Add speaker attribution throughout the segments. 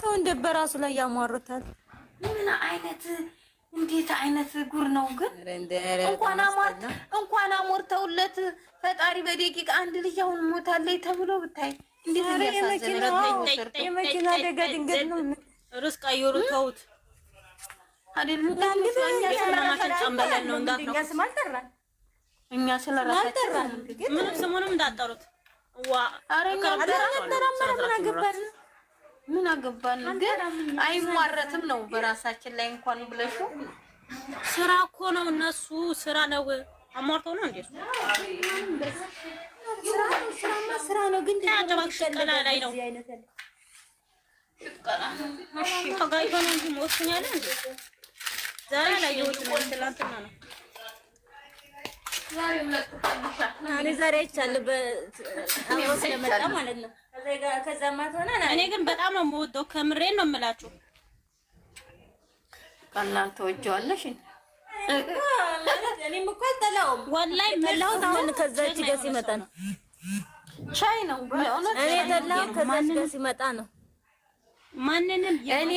Speaker 1: ሰው እንደ በራሱ ላይ ያሟርታል።
Speaker 2: ምን አይነት እንዴት አይነት ጉር ነው ግን! እንኳን እንኳን አሞርተውለት ፈጣሪ በደቂቃ አንድ ልጅ አሁን ሞታለች ተብሎ ብታይ እንዴት
Speaker 1: የመኪና አደጋ ድንገት ነው።
Speaker 3: ርስ ቀይሩ ተውት። እኛ ስለራሳችን ምንም ስሙንም እንዳጠሩት
Speaker 1: ምን አገባን? ግን
Speaker 2: አይሟረትም ነው በራሳችን ላይ እንኳን ብለሽው
Speaker 3: ስራ እኮ ነው። እነሱ ስራ ነው አሟርተው ነው እንዴ? ስራ ነው ግን ቀላ ላይ ነው ተጋይቶ ነው ዛሬ ላይ የወጭ ትላንትና ነው
Speaker 1: እኔ ዛሬ አይቻለሁ አብሮ ስለመጣ
Speaker 3: እኔ ግን በጣም ነው የምወደው፣ ከምሬን ነው የምላችሁ።
Speaker 2: ቀላል ተወጂዋለሽ።
Speaker 1: እኔም እኮ አልጠላውም
Speaker 3: ወላሂ መላሁት። አሁን ከዛች ጋር ሲመጣ ነው ሻይ ነው እኔ ተላሁ። ከዛች ጋር ሲመጣ ነው ማንንም
Speaker 2: እኔ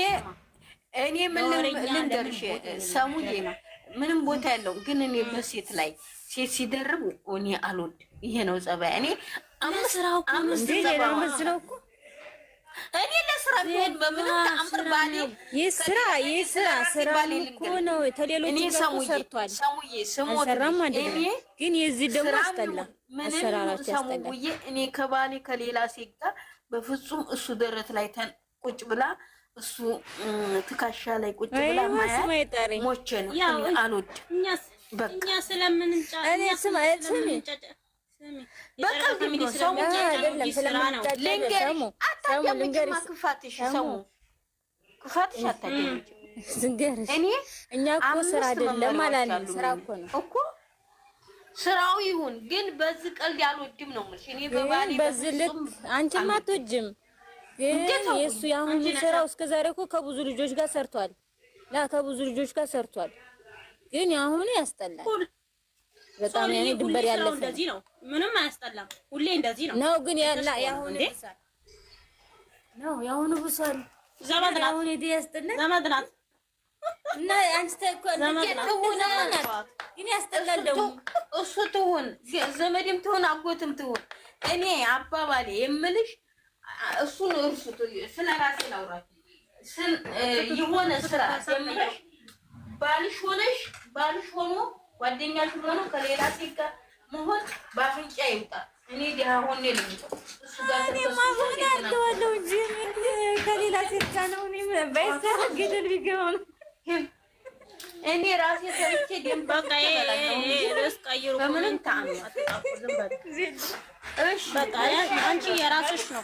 Speaker 2: እኔ ምን ልንገርሽ ሰሙዬ ነው ምንም ቦታ ያለው ግን እኔ በሴት ላይ ሴት ሲደርብ እኔ አልወድም። ይሄ ነው ጸባይ። እኔ አምስት አምስት ነው እኮ እኔ ለስራ ቢሆን በምንም ተአምር ባሌ
Speaker 1: ይስራ ይስራ ስራ እኮ ነው። ተሌሎች
Speaker 2: ጋር ሰርቷል።
Speaker 1: አልሰራም አይደለም ግን የዚህ ደግሞ አስጠላ አሰራራቸው
Speaker 2: ያስጠላል። እኔ ከባሌ ከሌላ ሴት ጋር በፍጹም እሱ ደረት ላይ ተን ቁጭ ብላ እሱ ትከሻ ላይ ቁጭ ብላ
Speaker 1: ማየት
Speaker 2: ሞቼ ነው አልወድም። በቃ ስራ ስራው ይሁን፣ ግን በዚህ ቀልድ አልወድም ነው የምልሽ እኔ በባሌ
Speaker 1: በዚህ ልክ አንቺማ አትወጂም ግን የእሱ የአሁኑ ስራው እስከ ዛሬ እኮ ከብዙ ልጆች ጋር ሰርቷል። ላ ከብዙ ልጆች ጋር ሰርቷል። ግን የአሁኑ ያስጠላል
Speaker 3: በጣም ያኔ ድንበር ያለ ነው። ምንም አያስጠላም። ሁሌ እንደዚህ ነው
Speaker 1: ነው ግን ያላ
Speaker 3: የአሁኑ ብሷል
Speaker 1: ነው የአሁኑ ብሷል። ዘመድ ናት አሁን ሄደ ያስጠላል። ዘመድ ናት እና አንቺ ተኮል ግን ያስጠላል። ደግሞ
Speaker 2: እሱ ትሁን ዘመድም ትሁን አጎትም ትሁን እኔ አባባሌ የምልሽ እሱን እርሱት። ስለ ራሴ ላውራት የሆነ ስራ ባልሽ ሆነሽ ባልሽ ሆኖ ጓደኛሽ ሆኖ ከሌላ ሴት ጋር መሆን በአፍንጫ ይውጣ። እኔ ደህና ሆኜ
Speaker 1: ከሌላ ሴት ጋር ነው
Speaker 2: እኔ ራሴ ሰርቼ ደንባ በምንም ተአምር
Speaker 3: እሺ፣ በቃ አንቺ የራስሽ ነው።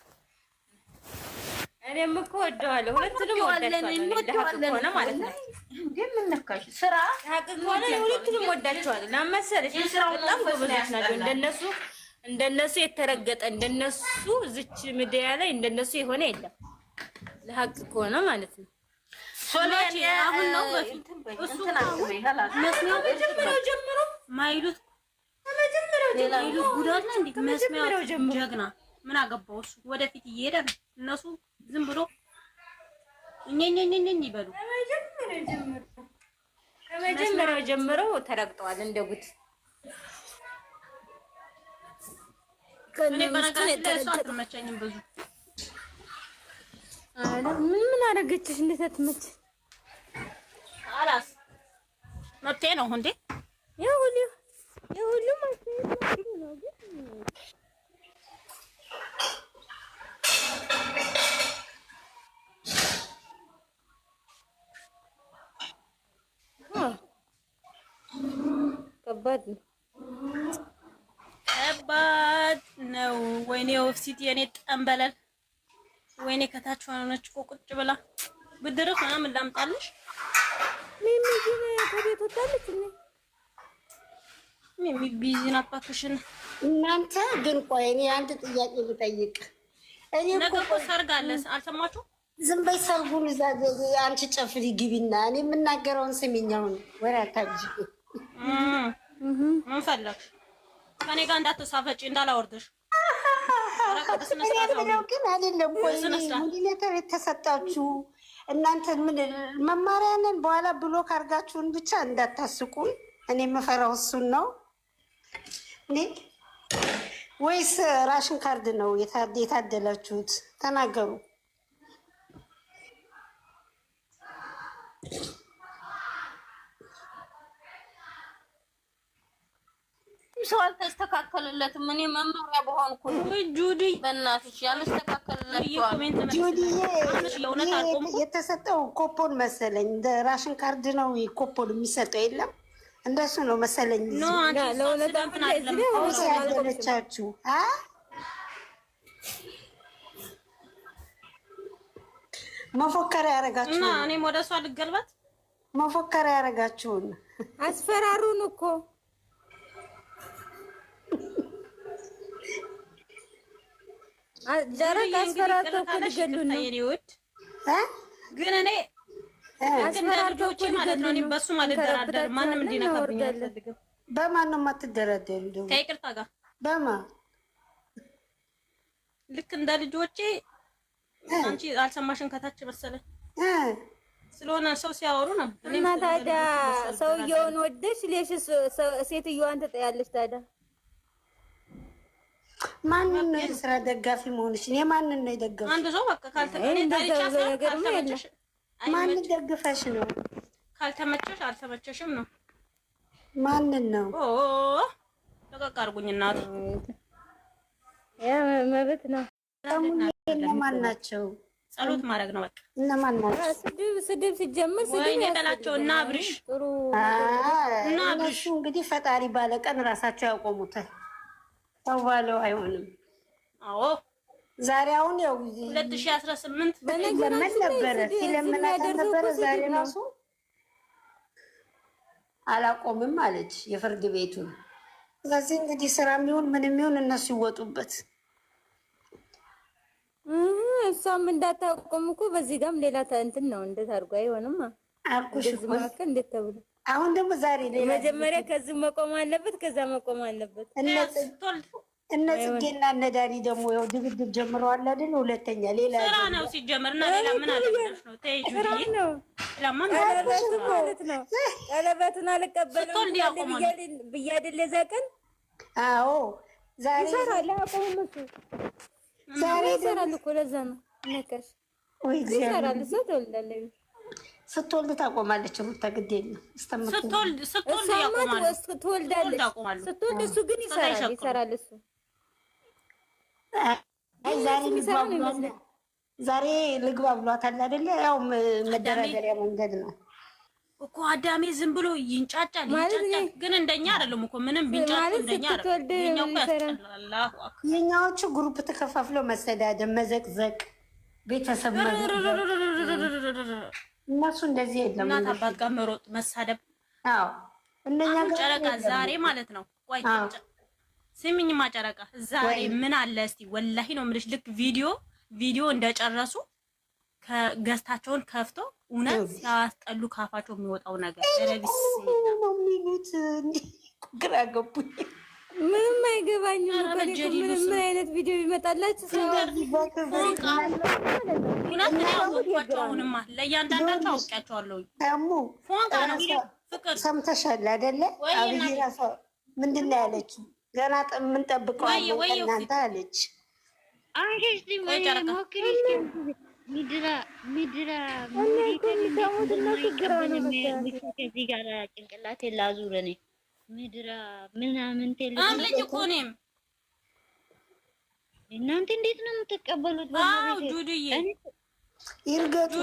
Speaker 1: እኔም እኮ ወደዋለሁ። ሁለቱንም ወዳቸዋለሁ ማለት ነው። ስራ ሆነ ሁለቱንም ወዳቸዋለሁ። ለመሰለሽ በጣም ጎበዞች ናቸው። እንደነሱ እንደነሱ የተረገጠ እንደነሱ ዝች ሚዲያ ላይ እንደነሱ የሆነ የለም። ለሀቅ ከሆነ ማለት ነው። አሁን ነው
Speaker 3: ማይሉት ጀግና ምን አገባው እሱ ወደፊት እየሄደ ነው እነሱ ዝም ብሎ እኛኛኛኛኝ ይበሉ።
Speaker 2: ከመጀመሪያው ጀምሮ ተረግጠዋል እንደ ጉድ።
Speaker 3: ምን ምን
Speaker 1: አደረገችሽ? እንዴት አትመች?
Speaker 3: አላስ መብቴ ነው እንዴ?
Speaker 1: ይሁሉ ይሁሉ ማለት ነው ግን
Speaker 2: ከባድ ነው፣
Speaker 3: ከባድ ነው። ወይኔ ኦፍሲት የኔ ጠንበለል፣ ወይኔ ከታች ሆነች እኮ ቁጭ ብላ ብድርህ ምናምን ላምጣልሽ።
Speaker 1: ሚሚ ግን ከቤት ወጣለች።
Speaker 3: ሚሚ ቢዚ ናት። እባክሽን
Speaker 2: እናንተ ግን ቆይ፣ እኔ አንድ ጥያቄ ልጠይቅ።
Speaker 3: እኔ ነገ እኮ ሰርግ አለ፣ አልሰማችሁ?
Speaker 2: ዝም በይ፣ ሰርጉን እዛ አንቺ ጨፍሪ ግቢና እኔ የምናገረውን ስሚኛውን ወሬ አታጅ
Speaker 3: ምን ፈለግሽ? ከኔ ጋር እንዳትሳፈጪ እንዳላወርድሽ።
Speaker 2: ምለው ግን የተሰጣችሁ እናንተን ምን መማሪያንን በኋላ ብሎክ አድርጋችሁን ብቻ እንዳታስቁን። እኔ የምፈራው እሱን ነው ወይስ ራሽን ካርድ ነው የታደላችሁት? ተናገሩ።
Speaker 1: ሰው አልተስተካከልለትም። እኔ መመሪያ በሆንኩ ጁዲ በእናትሽ ያልስተካከልለት
Speaker 2: የተሰጠው ኮፖን መሰለኝ እንደ ራሽን ካርድ ነው ኮፖን የሚሰጠው የለም እንደሱ ነው መሰለኝ። ያገለቻችሁ መፎከሪያ ያረጋችሁ እና
Speaker 3: እኔም ወደ እሷ ልገልባት
Speaker 2: መፎከሪያ ያረጋችሁን
Speaker 1: አስፈራሩን እኮ ደረቅ አስፈራርቶ እኮ
Speaker 3: ሊገሉን ነው። ግን እኔ ማለት ነው በሱ ማንም እንዲነካብኝ
Speaker 2: አልፈልግም።
Speaker 3: ከይቅርታ ጋር ልክ እንደ ልጆቼ አንቺ አልሰማሽን ከታች መሰለኝ ስለሆነ ሰው ሲያወሩ ነው
Speaker 1: እና ታዲያ ሰውየውን ወደሽ ሌሽ ሴትዮዋን ትጠያለሽ ታዲያ
Speaker 2: ማንን ነው የስራ ደጋፊ መሆንሽ? የማንን ነው የደገፍሽ?
Speaker 3: አንድ ሰው በቃ
Speaker 2: ማንን ደግፈሽ ነው?
Speaker 3: ካልተመቸሽ አልተመቸሽም ነው። ማንን ነው ለቀቅ አድርጉኝ እናት
Speaker 1: መብት ነው።
Speaker 2: እነማን ናቸው?
Speaker 3: ጸሎት ማድረግ ነው በቃ።
Speaker 2: እነማን ናቸው?
Speaker 1: ስድብ ስድብ ሲጀምር
Speaker 3: ስድብ ያጠላቸው እና አብርሽ
Speaker 2: እና አብርሽ እንግዲህ ፈጣሪ ባለቀን ራሳቸው ያቆሙታል። ተው ባለው አይሆንም። አዎ ዛሬ አሁን ያው ጊዜ
Speaker 3: 2018
Speaker 2: በነገራችን ነበረ ሲለምናት ነበረ። ዛሬ ራሱ አላቆምም አለች የፍርድ ቤቱን። ስለዚህ እንግዲህ ስራ የሚሆን ምንም የሚሆን እነሱ ይወጡበት።
Speaker 1: እሷም እንዳታቆም እኮ በዚህ ጋም ሌላ እንትን ነው። እንደት አድርጎ አይሆንም አልኩሽ። መካከል እንዴት ተብሎ
Speaker 2: አሁን ደግሞ ዛሬ
Speaker 1: መጀመሪያ ከዚህ መቆም አለበት፣ ከዛ መቆም አለበት።
Speaker 2: እነ ጽጌና እነ ዳኒ ደግሞ ያው ድብድብ ጀምረዋል አይደል? ሁለተኛ ሌላ
Speaker 3: ስራ ነው ሲጀመር እና ሌላ ምን አለ ነው ተይዩ ማለት
Speaker 1: ነው። ቀለበቱን አልቀበልም ብዬ አይደል? እዛ ቀን
Speaker 2: አዎ፣ ዛሬ
Speaker 1: ይሰራል። አቆም ዛሬ ይሰራል እኮ ለዛ ነው ነገርሽ ይሰራል። እዛ ተወልዳለሁ
Speaker 2: ስትወልድ ታቆማለች። ሩታ ግድ የለም
Speaker 3: ስትወልድ
Speaker 1: ስትወልድ እሱ ግን ይሰራል እሱ
Speaker 2: ዛሬ ልግባ ብሏታል አይደለ? ያው መደራደሪያ መንገድ ነው
Speaker 3: እኮ አዳሜ ዝም ብሎ ይንጫጫል ይንጫጫል። ግን እንደኛ አይደለም እኮ ምንም ቢንጫጫል እንደኛ አይደለም።
Speaker 2: የኛዎቹ ግሩፕ ተከፋፍለው መዘቅዘቅ ቤተሰብ እነሱ እንደዚህ የለም።
Speaker 3: እናት አባት ጋር መሮጥ መሳደብ። አዎ እንደኛ ጨረቃ ዛሬ ማለት ነው። ቆይ ስሚኝማ ጨረቃ ዛሬ ምን አለ እስቲ? ወላሂ ነው የምልሽ። ልክ ቪዲዮ ቪዲዮ እንደጨረሱ ከገዝታቸውን ከፍቶ እውነት ሲያስጠሉ ካፋቸው የሚወጣው ነገር
Speaker 2: ረቢስ ነው የሚሉት። ግራ ገቡኝ።
Speaker 1: ምንም አይገባኝም እኮ ምንም አይነት ቪዲዮ ይመጣላችሁ።
Speaker 3: ሁለቱንም ለእያንዳንዳቸው አውቄያቸዋለሁ።
Speaker 2: ሰምተሻል አይደለ? አብይ እራሷ ምንድን ነው ያለችው? ገና የምንጠብቀዋለን ከእናንተ አለች።
Speaker 1: ምድረ እነሱ ጭንቅላቴን ላዙር እኔ ምድራ ምናምን
Speaker 3: አለኝ እኮ እኔም
Speaker 1: እናንተ እንዴት ነው የምትቀበሉት?
Speaker 3: ዱድዬ
Speaker 2: ይርገጡ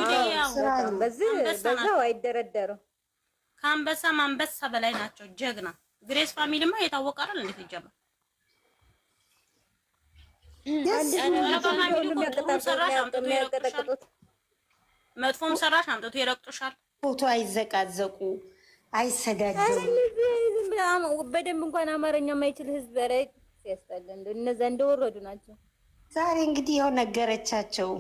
Speaker 2: በዚህ በዛው አይደረደሩም።
Speaker 3: ከአንበሳ ማንበሳ በላይ ናቸው። ጀግና ግሬስ ፋሚሊማ የታወቀ አይደል? እንዴት ይጀምራል? መጥፎም ሰራሽ አምጥቶ ይረቅጡሻል።
Speaker 2: ፎቶ አይዘቃዘቁ አይሰዳጅም
Speaker 1: በደንብ እንኳን አማርኛ የማይችል ህዝብ ረ ያስጠላ። እነዛ እንደወረዱ ናቸው።
Speaker 2: ዛሬ እንግዲህ ያው ነገረቻቸው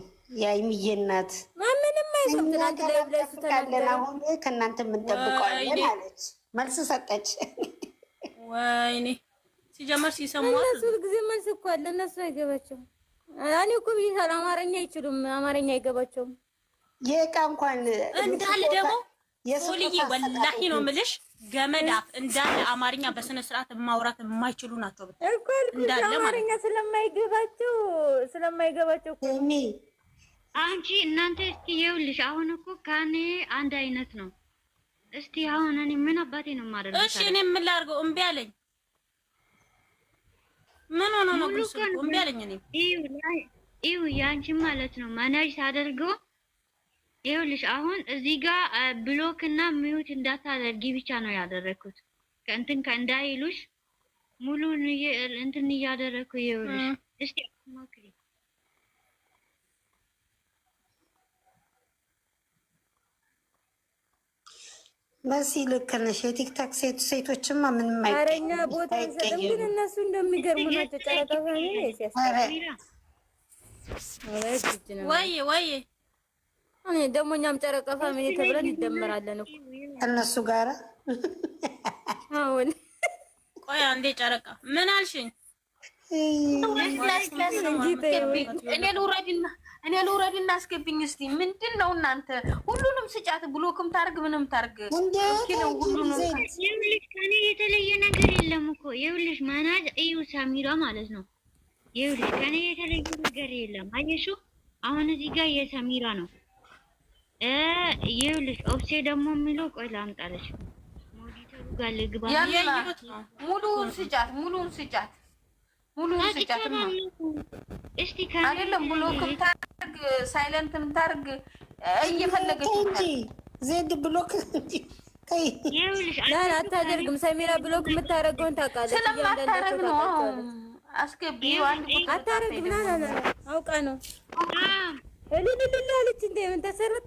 Speaker 2: የአይምዬ እናት ምንም አይሰብትናለን። አሁን ከእናንተ የምንጠብቀዋለን አለች። መልስ ሰጠች።
Speaker 3: ወይኔ ሲጀመር ሲሰማል
Speaker 1: ጊዜ መልስ እኮ አለ። እነሱ አይገባቸውም። እኔ እኮ ብይታል። አማርኛ አይችሉም። አማርኛ አይገባቸውም።
Speaker 2: የቃ እንኳን
Speaker 3: እንዳለ ደግሞ ሶልዬ ወላሂ ነው የምልሽ፣ ገመድ አፍ እንዳለ አማርኛ በስነ ስርዓት ማውራት የማይችሉ ናቸው።
Speaker 2: እንዳለ አማርኛ ስለማይገባቸው ስለማይገባቸው እኔ
Speaker 3: አንቺ እናንተ እስቲ ይኸውልሽ፣ አሁን እኮ ከኔ አንድ አይነት ነው። እስቲ አሁን እኔ ምን አባቴ ነው ነው? እሺ እኔ ምን ላድርገው? እምቢ አለኝ። ምን ሆኖ ነው? እምቢ አለኝ። እኔ
Speaker 1: ይኸው ያንቺ ማለት ነው ማናጅ ሳደርገው ይኸውልሽ አሁን እዚህ ጋር ብሎክ እና ሚዩት እንዳታደርጊ ብቻ ነው ያደረኩት። ከእንትን ከእንዳይሉሽ ሙሉ እንትን እያደረኩ ይኸውልሽ። እስቲ ሞክሪ።
Speaker 2: በዚህ ልክ ነሽ። የቲክታክ ሴት ሴቶችማ ምንም
Speaker 1: አይቀረኛ ቦታ አንሰጥም፣ ግን እነሱ እንደሚገርሙ ናቸው። ጨረቃ ሆነ
Speaker 2: ሲያስ
Speaker 3: ወይ ወይ
Speaker 1: እኔ ደግሞ እኛም ጨረቀ ፋሚሊ ተብለን ይደመራለን እኮ
Speaker 2: እነሱ ጋር።
Speaker 1: አሁን
Speaker 3: ቆይ አንዴ ጨረቃ ምን አልሽኝ? እኔ ልውረድና እኔ ልውረድና አስገብኝ እስቲ። ምንድን ነው እናንተ ሁሉንም ስጫት ብሎክም ታርግ ምንም ታርግ ነው ሁሉንም።
Speaker 1: ይኸውልሽ ከእኔ የተለየ ነገር የለም እኮ ይኸውልሽ፣ ማናጅ እዩ ሳሚራ ማለት ነው። ይኸውልሽ ከእኔ የተለየ ነገር የለም። አየሽው አሁን እዚህ ጋር የሰሚራ ነው ይኸውልሽ ኦብሴ ደግሞ የሚለው ቆይ ላምጣለች።
Speaker 3: ሞዲተሩ ጋር ልግባ። ሙሉውን ስጫት፣ ሙሉውን ስጫት፣ ሙሉውን ስጫት። እስቲ አይደለም ብሎክ ምታርግ ሳይለንት ምታርግ እየፈለገች
Speaker 2: እንጂ ዜድ ብሎክ እንጂ
Speaker 1: አታደርግም። ሰሚራ ብሎክ የምታደርገውን ታውቃለች።
Speaker 3: ስለማታረግ ነው አስገቢ።
Speaker 1: አታረግም። ና አውቃ ነው ልልልላለች እንደ ምን ተሰረት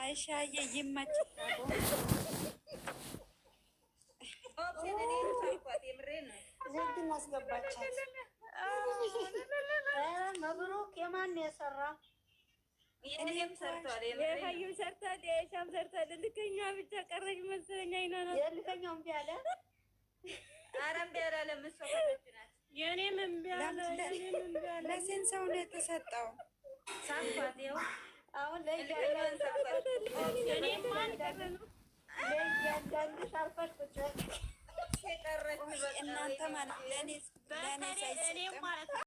Speaker 1: አይሻዬ ይመችሽ።
Speaker 3: ዜድን
Speaker 2: አስገባቻት።
Speaker 1: መብሩክ የማን የሰራ
Speaker 3: ይሄም ሰርቷል፣
Speaker 1: የሀዩም ሰርቷል፣ የሻም ሰርቷል። ልከኛዋ ብቻ ቀረች መሰለኝ። አይና ነው ልከኛው እምቢ አለ።
Speaker 3: ኧረ እምቢ አላለም። እሷ
Speaker 1: የእኔም እምቢ አለ።
Speaker 2: ለስንት ሰው ነው የተሰጠው?
Speaker 3: ሳንኳት ይኸው
Speaker 1: አሁን ለእያንዳንዱ